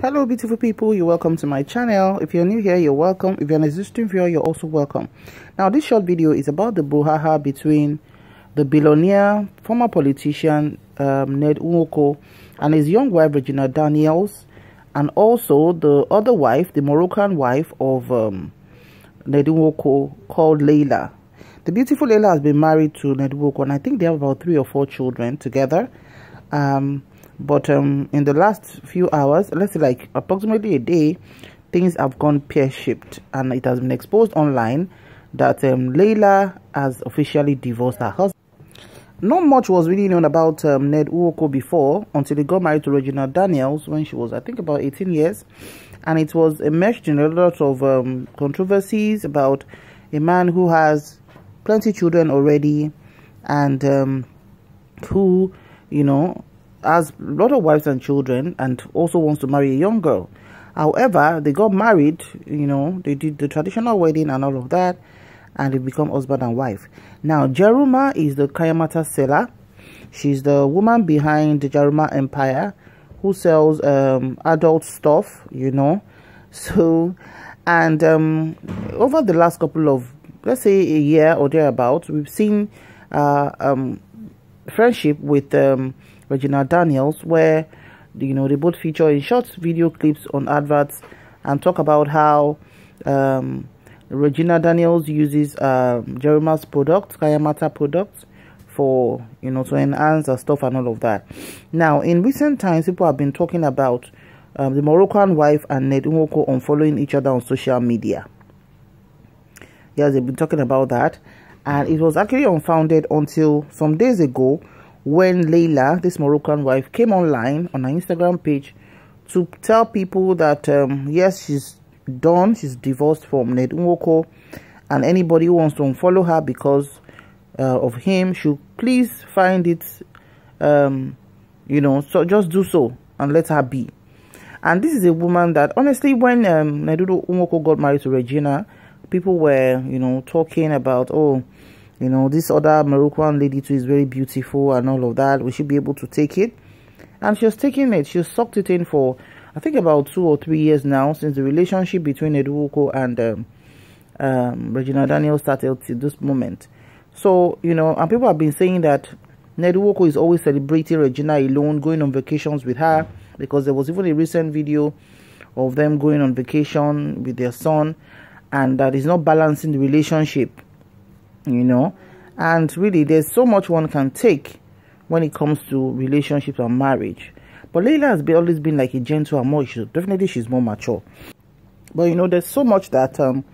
hello beautiful people you're welcome to my channel if you're new here you're welcome if you're an existing viewer you're also welcome now this short video is about the brouhaha between the billionaire former politician um, ned nwoko and his young wife regina daniels and also the other wife the moroccan wife of um, ned nwoko called leila the beautiful leila has been married to ned nwoko and i think they have about three or four children together um, but um in the last few hours let's say like approximately a day things have gone pear-shaped and it has been exposed online that um layla has officially divorced her husband not much was really known about um, Ned Uoko before until he got married to Regina Daniels when she was, I think, about 18 years. And it was immersed in a lot of um, controversies about a man who has plenty children already and um, who, you know, has a lot of wives and children and also wants to marry a young girl. However, they got married, you know, they did the traditional wedding and all of that, and they become husband and wife. Now, Jeruma is the Kayamata seller. She's the woman behind the Jeruma Empire who sells um, adult stuff, you know. So, and um, over the last couple of, let's say, a year or thereabouts, we've seen uh, um, friendship with um, Regina Daniels, where you know they both feature in short video clips on adverts and talk about how um, Regina Daniels uses um, Jeremiah's product, Kayamata product, for you know to enhance her stuff and all of that. Now, in recent times, people have been talking about um, the Moroccan wife and Ned Nwoko on following each other on social media. Yes, they've been talking about that, and it was actually unfounded until some days ago when Leila, this Moroccan wife, came online on her Instagram page to tell people that um, yes, she's done, she's divorced from Ned Nwoko, and anybody who wants to unfollow her because uh, of him should please find it, um, you know, so just do so and let her be. And this is a woman that honestly, when um, Nedudo Nwoko got married to Regina, people were, you know, talking about, oh, you know this other moroccan lady too is very beautiful and all of that we should be able to take it and she was taking it she sucked it in for i think about two or three years now since the relationship between eduoko and um, um, regina daniel started to this moment so you know and people have been saying that Neduoko is always celebrating Regina alone, going on vacations with her, because there was even a recent video of them going on vacation with their son, and that is not balancing the relationship you know and really there's so much one can take when it comes to relationships and marriage but Leila has been, always been like a gentle and more she's, definitely she's more mature but you know there's so much that um,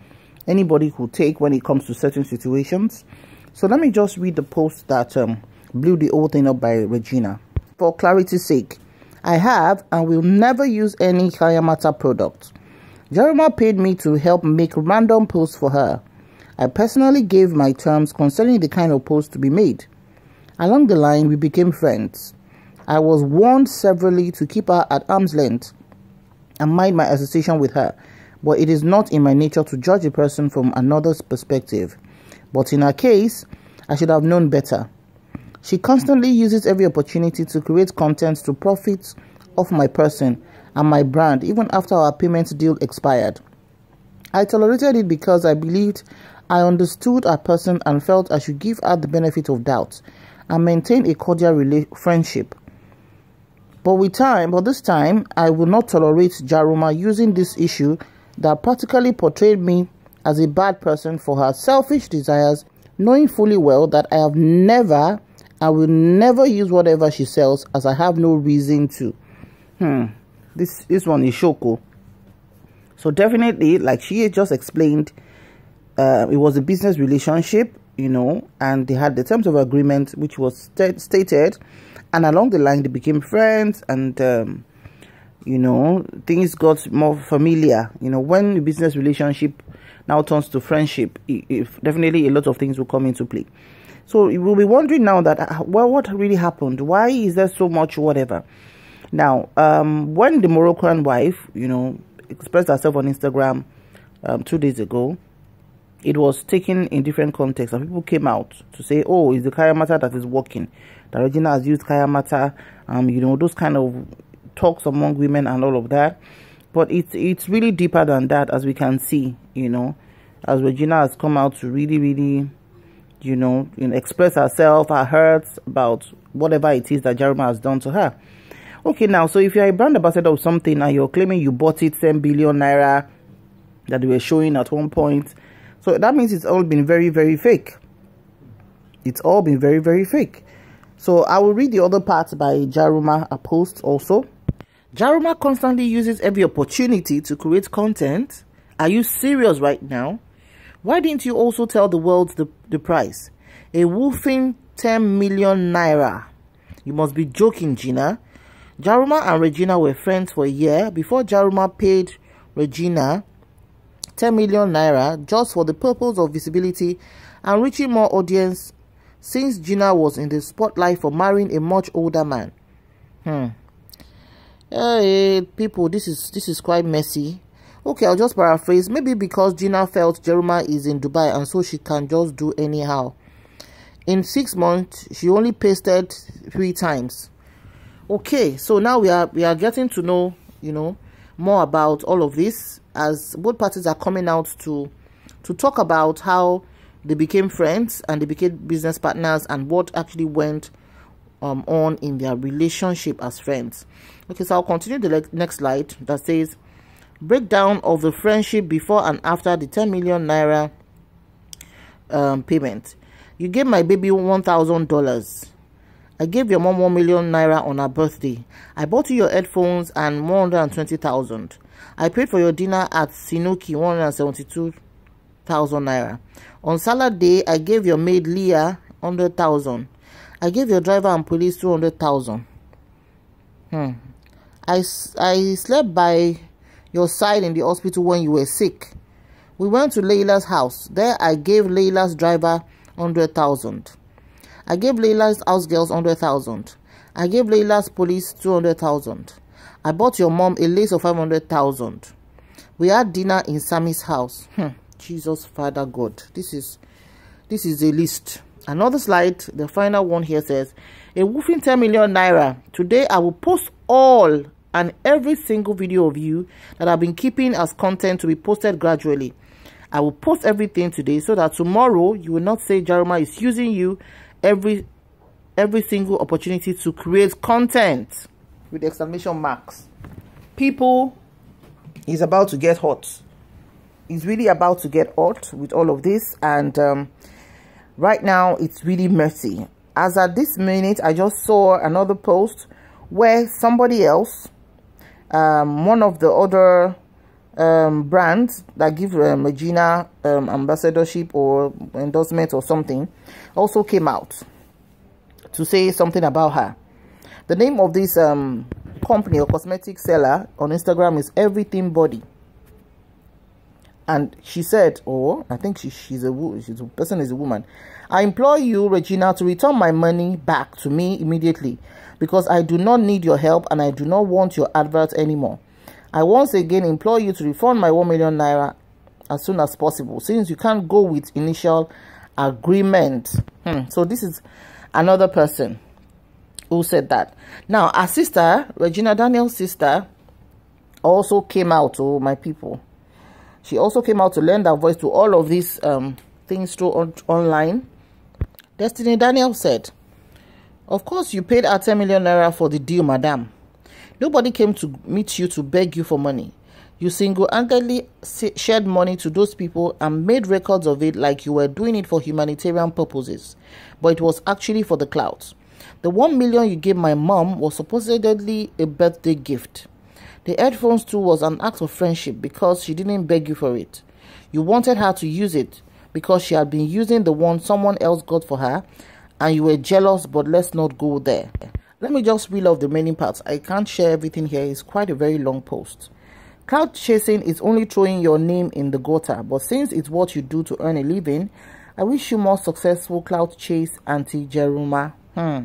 anybody could take when it comes to certain situations so let me just read the post that um, blew the whole thing up by Regina for clarity's sake I have and will never use any Kayamata product Jeremiah paid me to help make random posts for her I personally gave my terms concerning the kind of post to be made. Along the line, we became friends. I was warned severally to keep her at arm's length and mind my association with her, but it is not in my nature to judge a person from another's perspective. But in her case, I should have known better. She constantly uses every opportunity to create content to profit off my person and my brand even after our payment deal expired. I tolerated it because I believed I understood her person and felt I should give her the benefit of doubt and maintain a cordial friendship. But with time, but this time, I will not tolerate Jaruma using this issue that practically portrayed me as a bad person for her selfish desires, knowing fully well that I have never, I will never use whatever she sells as I have no reason to. Hmm, this this one is Shoko. Oh. So definitely, like she just explained, uh, it was a business relationship, you know, and they had the terms of agreement which was st stated, and along the line they became friends, and um, you know things got more familiar. You know, when the business relationship now turns to friendship, definitely a lot of things will come into play. So you will be wondering now that uh, well, what really happened? Why is there so much whatever? Now, um, when the Moroccan wife, you know, expressed herself on Instagram um, two days ago, it was taken in different contexts and people came out to say, oh, it's the kaya matter that is working. That Regina has used kaya matter, um, you know, those kind of talks among women and all of that. But it's it's really deeper than that, as we can see, you know, as Regina has come out to really, really, you know, you know express herself, her hurts about whatever it is that Jeremiah has done to her. Okay, now, so if you're a brand ambassador of something and you're claiming you bought it 10 billion naira that we were showing at one point, so that means it's all been very, very fake. It's all been very, very fake. So I will read the other parts by Jaruma a post also. Jaruma constantly uses every opportunity to create content. Are you serious right now? Why didn't you also tell the world the, the price? A whopping 10 million naira. You must be joking, Gina. Jaruma and Regina were friends for a year before Jaruma paid Regina 10 million naira just for the purpose of visibility and reaching more audience since Gina was in the spotlight for marrying a much older man. Hmm. Hey, people, this is this is quite messy. Okay, I'll just paraphrase. Maybe because Gina felt Jeremiah is in Dubai and so she can just do anyhow. In six months, she only pasted three times. Okay, so now we are we are getting to know, you know, more about all of this as both parties are coming out to to talk about how they became friends and they became business partners and what actually went um, on in their relationship as friends. Okay, so I'll continue the next slide that says breakdown of the friendship before and after the 10 million naira um, payment. You gave my baby $1,000. I gave your mom 1 million naira on her birthday. I bought you your headphones and 120,000. I paid for your dinner at Sinuki 172,000 naira. On Saturday, I gave your maid Leah 100,000. I gave your driver and police 200,000. Hmm. I, I slept by your side in the hospital when you were sick. We went to Layla's house. There I gave Layla's driver 100,000. I gave Leila's house girls 100,000. I gave Leila's police 200,000. I bought your mom a lace of 500,000. We had dinner in Sammy's house. Hmm, Jesus, Father God. This is this is a list. Another slide, the final one here says, a woofing 10 million naira. Today I will post all and every single video of you that I've been keeping as content to be posted gradually. I will post everything today so that tomorrow you will not say Jeremiah is using you every every single opportunity to create content with exclamation marks. People is about to get hot. Is really about to get hot with all of this, and um, right now it's really messy. As at this minute, I just saw another post where somebody else, um, one of the other um, brands that give um, Regina um, ambassadorship or endorsement or something also came out to say something about her. The name of this um, company or cosmetic seller on Instagram is Everything Body. And she said, or oh, I think she, she's a she's a person is a woman. I implore you, Regina, to return my money back to me immediately because I do not need your help and I do not want your advert anymore. I once again implore you to refund my 1 million naira as soon as possible since you can't go with initial agreement. Hmm. So this is another person who said that. Now, our sister, Regina Daniel's sister, also came out to oh, my people. She also came out to lend her voice to all of these um, things through on online. Destiny Daniel said, Of course, you paid her 10 million naira for the deal, madam. Nobody came to meet you to beg you for money. You single handedly shared money to those people and made records of it like you were doing it for humanitarian purposes, but it was actually for the clout. The one million you gave my mom was supposedly a birthday gift. The headphones too was an act of friendship because she didn't beg you for it. You wanted her to use it because she had been using the one someone else got for her and you were jealous, but let's not go there. Let me just reel off the remaining parts. I can't share everything here. It's quite a very long post. Cloud chasing is only throwing your name in the gutter, but since it's what you do to earn a living, I wish you more successful cloud chase, Auntie Jeruma. Hmm.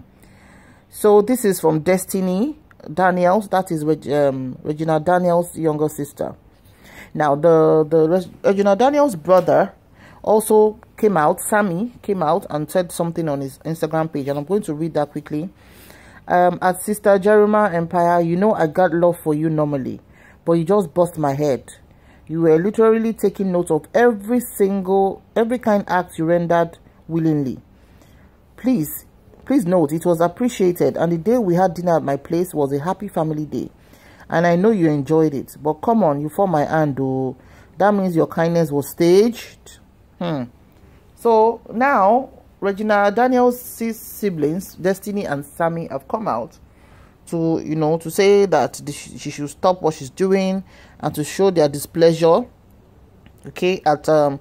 So this is from Destiny Daniels. That is um, Regina Daniels' younger sister. Now, the, the Regina Daniels' brother also came out, Sammy came out and said something on his Instagram page, and I'm going to read that quickly um, at Sister Jeremiah Empire, you know I got love for you normally, but you just bust my head. You were literally taking note of every single, every kind act you rendered willingly. Please, please note, it was appreciated and the day we had dinner at my place was a happy family day. And I know you enjoyed it, but come on, you form my hand, oh. That means your kindness was staged. Hmm. So now Regina Daniels' six siblings, Destiny and Sammy, have come out to, you know, to say that she should stop what she's doing and to show their displeasure, okay, at um,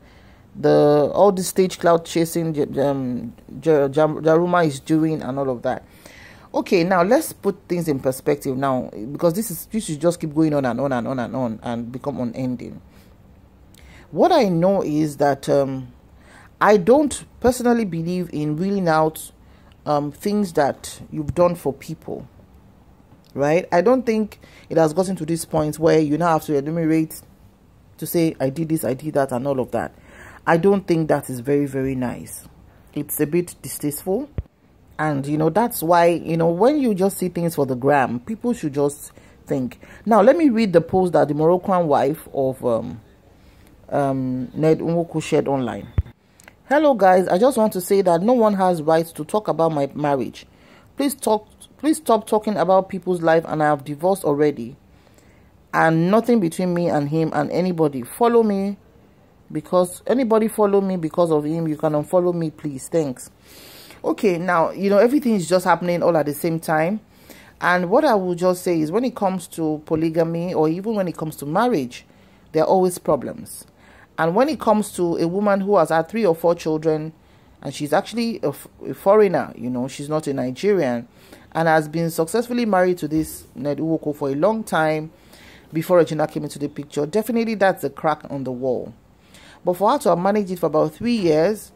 the all the stage cloud chasing um, Jaruma is doing and all of that. Okay, now let's put things in perspective now because this is this should just keep going on and on and on and on and become unending. What I know is that. Um, I don't personally believe in reeling out um, things that you've done for people, right? I don't think it has gotten to this point where you now have to enumerate to say, I did this, I did that, and all of that. I don't think that is very, very nice. It's a bit distasteful. And, you know, that's why, you know, when you just see things for the gram, people should just think. Now, let me read the post that the Moroccan wife of um, um, Ned Nwoku shared online. Hello guys, I just want to say that no one has rights to talk about my marriage. Please talk please stop talking about people's life and I have divorced already. And nothing between me and him and anybody. Follow me because anybody follow me because of him, you can unfollow me please. Thanks. Okay, now, you know, everything is just happening all at the same time. And what I will just say is when it comes to polygamy or even when it comes to marriage, there are always problems and when it comes to a woman who has had three or four children, and she's actually a, foreigner, you know, she's not a Nigerian, and has been successfully married to this Ned Uwoko for a long time before Regina came into the picture, definitely that's a crack on the wall. But for her to have managed it for about three years,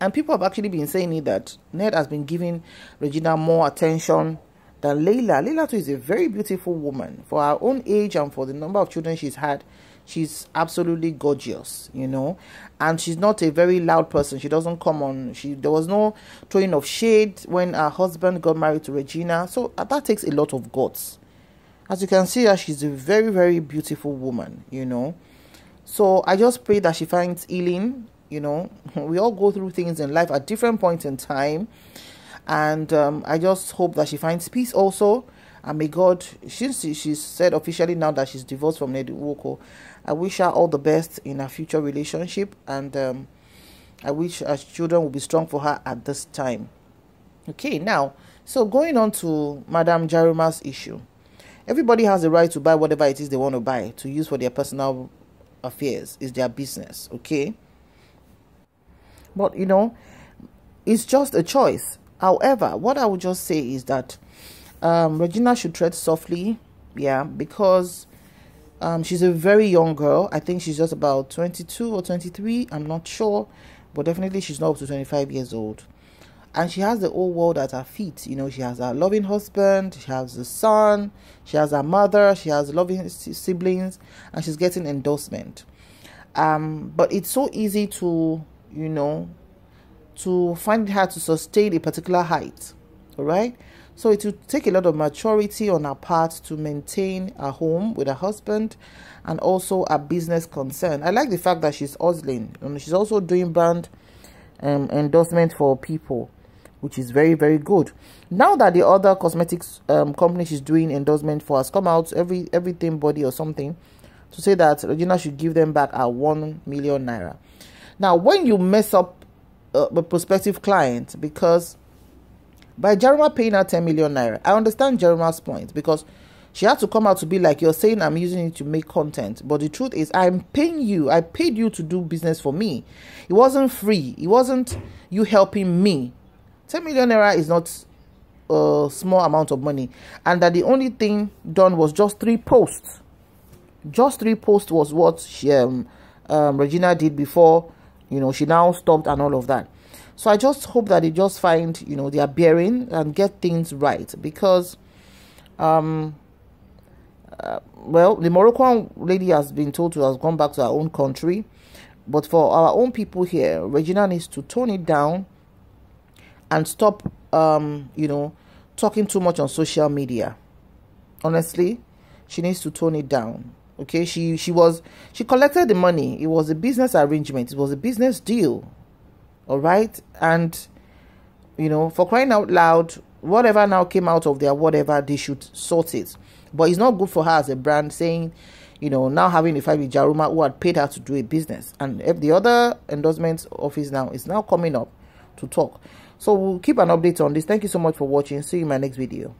and people have actually been saying it that Ned has been giving Regina more attention than Leila. Leila, too is a very beautiful woman for her own age and for the number of children she's had she's absolutely gorgeous you know and she's not a very loud person she doesn't come on she there was no throwing of shade when her husband got married to regina so uh, that takes a lot of guts as you can see she's a very very beautiful woman you know so i just pray that she finds healing you know we all go through things in life at different points in time and um, i just hope that she finds peace also and may God, since she said officially now that she's divorced from Lady Woko, I wish her all the best in her future relationship. And um, I wish her children will be strong for her at this time. Okay, now, so going on to Madame Jaruma's issue. Everybody has the right to buy whatever it is they want to buy, to use for their personal affairs. It's their business, okay? But, you know, it's just a choice. However, what I would just say is that um, Regina should tread softly, yeah, because um, she's a very young girl. I think she's just about 22 or 23. I'm not sure, but definitely she's not up to 25 years old. And she has the whole world at her feet. You know, she has a loving husband, she has a son, she has a mother, she has loving siblings, and she's getting endorsement. Um, but it's so easy to, you know, to find it hard to sustain a particular height. All right so it will take a lot of maturity on our part to maintain a home with her husband and also a business concern. I like the fact that she's hustling and she's also doing brand um, endorsement for people, which is very, very good. Now that the other cosmetics um, company she's doing endorsement for has come out, every everything body or something, to say that Regina should give them back a 1 million naira. Now, when you mess up uh, a prospective client because by Jaruma paying her 10 million naira. I understand Jaruma's point because she had to come out to be like, You're saying I'm using it to make content. But the truth is, I'm paying you. I paid you to do business for me. It wasn't free, it wasn't you helping me. 10 million naira is not a small amount of money. And that the only thing done was just three posts. Just three posts was what she, um, um, Regina did before. You know, she now stopped and all of that. So I just hope that they just find, you know, their bearing and get things right because, um, uh, well, the Moroccan lady has been told to has gone back to her own country, but for our own people here, Regina needs to tone it down and stop, um, you know, talking too much on social media. Honestly, she needs to tone it down okay she she was she collected the money it was a business arrangement it was a business deal all right? And, you know, for crying out loud, whatever now came out of their whatever, they should sort it. But it's not good for her as a brand saying, you know, now having a fight with Jaruma who had paid her to do a business. And if the other endorsement office now is now coming up to talk. So we'll keep an update on this. Thank you so much for watching. See you in my next video.